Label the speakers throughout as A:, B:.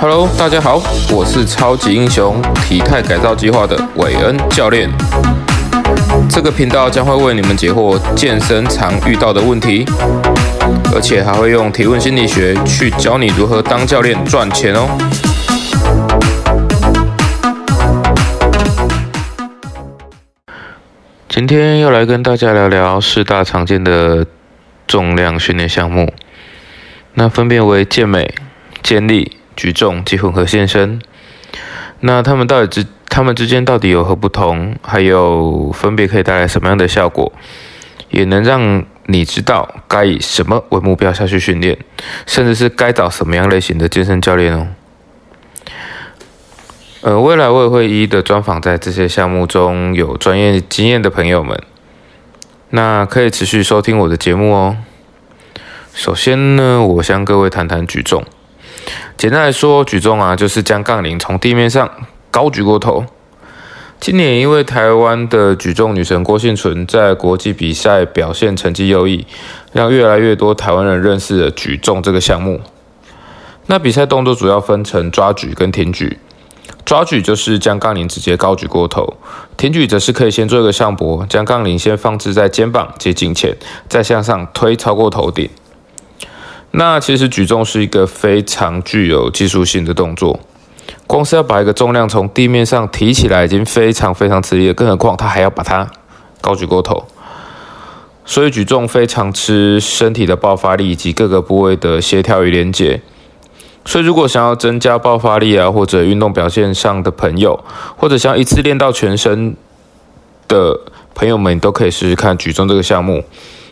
A: Hello，大家好，我是超級英雄體態改造計劃的韋恩教練。這個頻道將會為你們解惑健身常遇到的問題，而且還會用提問心理學去教你如何當教練賺錢哦。今天要來跟大家聊聊四大常見的重量訓練項目，那分別為健美、健力。舉重及混合健身，那他們到底之他們之間到底有何不同？還有分別可以帶來什麼樣的效果？也能讓你知道該以什麼為目標下去訓練，甚至是該找什麼樣類型的健身教練哦。呃，未來我也會一一的專訪在這些項目中有專業經驗的朋友們。那可以持續收聽我的節目哦。首先呢，我向各位談談舉重。簡單來說，舉重啊，就是將槓鈴從地面上高舉過頭。今年因為台灣的舉重女神郭婞淳在國際比賽表現成績優異，讓越來越多台灣人認識了舉重這個項目。那比賽動作主要分成抓舉跟挺舉。抓舉就是將槓鈴直接高舉過頭，挺舉則是可以先做一個上膊，將槓鈴先放置在肩膀及頸前，再向上推超過頭頂。那其實舉重是一個非常具有技術性的動作，光是要把一個重量從地面上提起來已經非常非常吃力了，更何況他還要把它高舉過頭。所以舉重非常吃身體的爆發力以及各個部位的協調與連接。所以如果想要增加爆發力啊，或者運動表現上的朋友，或者想一次練到全身的朋友們，都可以試試看舉重這個項目。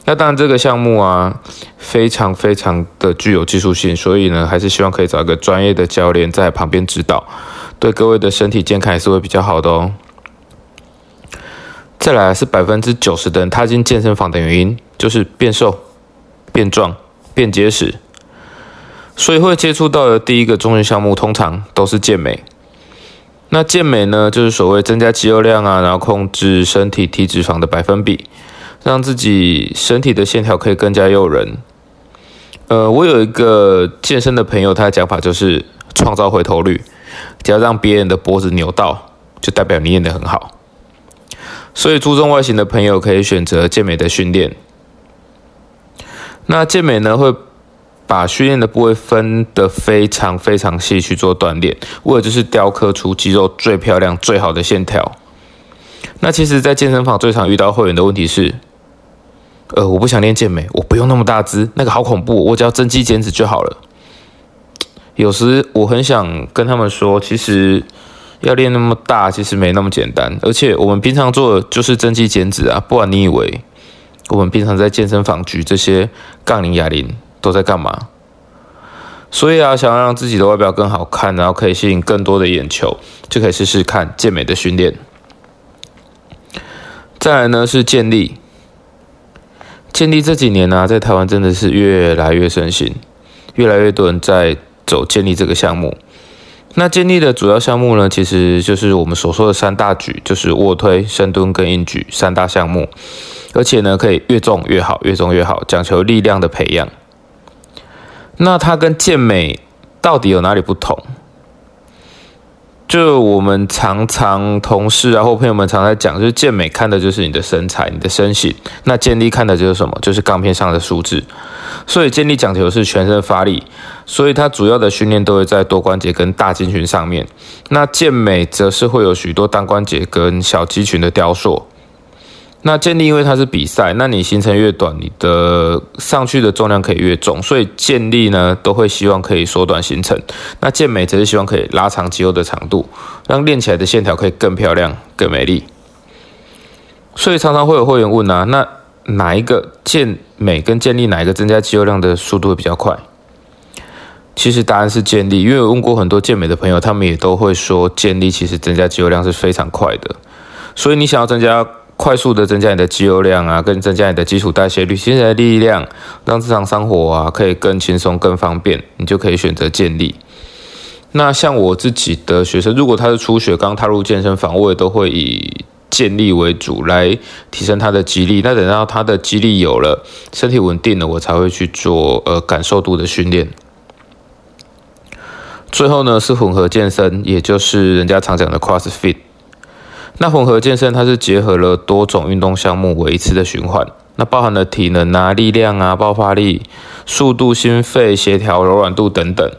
A: 那當然，這個項目啊，非常非常的具有技術性，所以呢，還是希望可以找一個專業的教練在旁邊指導，對各位的身體健康也是會比較好的哦。再來是百分之九十的人踏進健身房的原因，就是變瘦、變壯、變結實，所以會接觸到的第一個重訓項目通常都是健美。那健美呢，就是所謂增加肌肉量啊，然後控制身體體脂肪的百分比。讓自己身體的線條可以更加誘人。呃，我有一個健身的朋友，他的講法就是創造回頭率，只要讓別人的脖子扭到，就代表你練得很好。所以注重外形的朋友可以選擇健美的訓練。那健美呢，會把訓練的部位分得非常非常細去做鍛煉，為的就是雕刻出肌肉最漂亮、最好的線條。那其實，在健身房最常遇到會員的問題是，呃，我不想練健美，我不用那麼大隻，那個好恐怖哦，我只要增肌減脂就好了。有時我很想跟他們說，其實要練那麼大，其實沒那麼簡單。而且我們平常做的就是增肌減脂啊，不然你以為我們平常在健身房舉這些槓鈴、啞鈴都在幹嘛？所以啊，想要讓自己的外表更好看，然後可以吸引更多的眼球，就可以試試看健美的訓練。再來呢，是健力。健力這幾年呢，啊，在台灣真的是越來越盛行，越來越多人在走健力這個項目。那健力的主要項目呢，其實就是我們所說的三大舉，就是臥推、深蹲跟硬舉三大項目，而且呢，可以越重越好，越重越好，講求力量的培養。那它跟健美到底有哪裡不同？就我們常常同事啊，或朋友們常在講，就是健美看的就是你的身材、你的身形，那健力看的就是什麼？就是槓片上的數字。所以健力講求是全身發力，所以它主要的訓練都會在多關節跟大肌群上面。那健美則是會有許多單關節跟小肌群的雕塑。那健力，因為它是比賽，那你行程越短，你的上去的重量可以越重，所以健力呢都會希望可以縮短行程。那健美則是希望可以拉長肌肉的長度，讓練起來的線條可以更漂亮、更美麗。所以常常會有會員問啊，那哪一個健美跟健力哪一個增加肌肉量的速度會比較快？其實答案是健力，因為我問過很多健美的朋友，他們也都會說健力其實增加肌肉量是非常快的。所以你想要增加。快速的增加你的肌肉量啊，更增加你的基礎代謝率，增加力量，讓日常生活啊可以更輕鬆、更方便，你就可以選擇健力。那像我自己的學生，如果他是初學、剛踏入健身房，我也都會以健力為主來提升他的肌力。那等到他的肌力有了，身體穩定了，我才會去做呃感受度的訓練。最後呢，是混合健身，也就是人家常講的 CrossFit。那混合健身它是結合了多種運動項目為一次的循環，那包含了體能啊、力量啊、爆發力、速度、心肺、協調、柔軟度等等，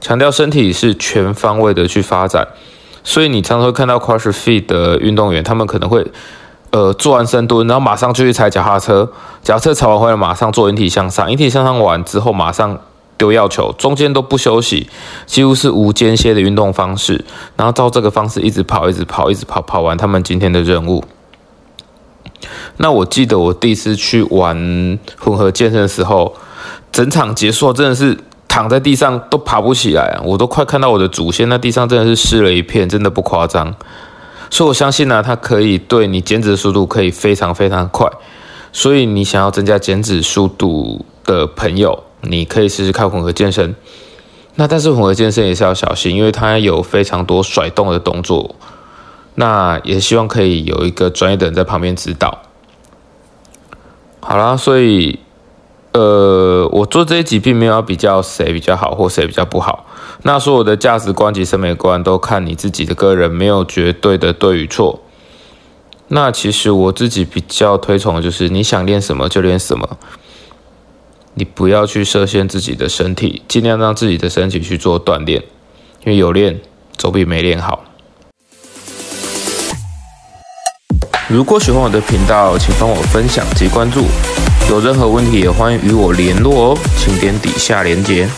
A: 強調身體是全方位的去發展，所以你常常會看到 CrossFit 的運動員，他們可能會，呃，做完深蹲，然後馬上就去踩腳踏車，腳踏車踩完回來馬上做引體向上，引體向上完之後馬上。丟藥球，中間都不休息，幾乎是無間歇的運動方式。然後照這個方式一直跑，一直跑，一直跑，跑完他們今天的任務。那我記得我第一次去玩混合健身的時候，整場結束真的是躺在地上都爬不起來，啊，我都快看到我的祖先。那地上真的是濕了一片，真的不誇張。所以我相信呢，啊，它可以對你減脂的速度可以非常非常快。所以你想要增加減脂速度的朋友。你可以試試看混合健身，那但是混合健身也是要小心，因為它有非常多甩動的動作。那也希望可以有一個專業的人在旁邊指導。好啦，所以呃，我做這一集並沒有要比較誰比較好或誰比較不好。那所有的價值觀及審美觀都看你自己的個人，沒有絕對的對與錯。那其實我自己比較推崇的就是你想練什麼就練什麼。你不要去設限自己的身體，儘量讓自己的身體去做鍛鍊，因為有練總比沒練好。如果喜歡我的頻道，請幫我分享及關注。有任何問題也歡迎與我聯絡哦，請點底下連接。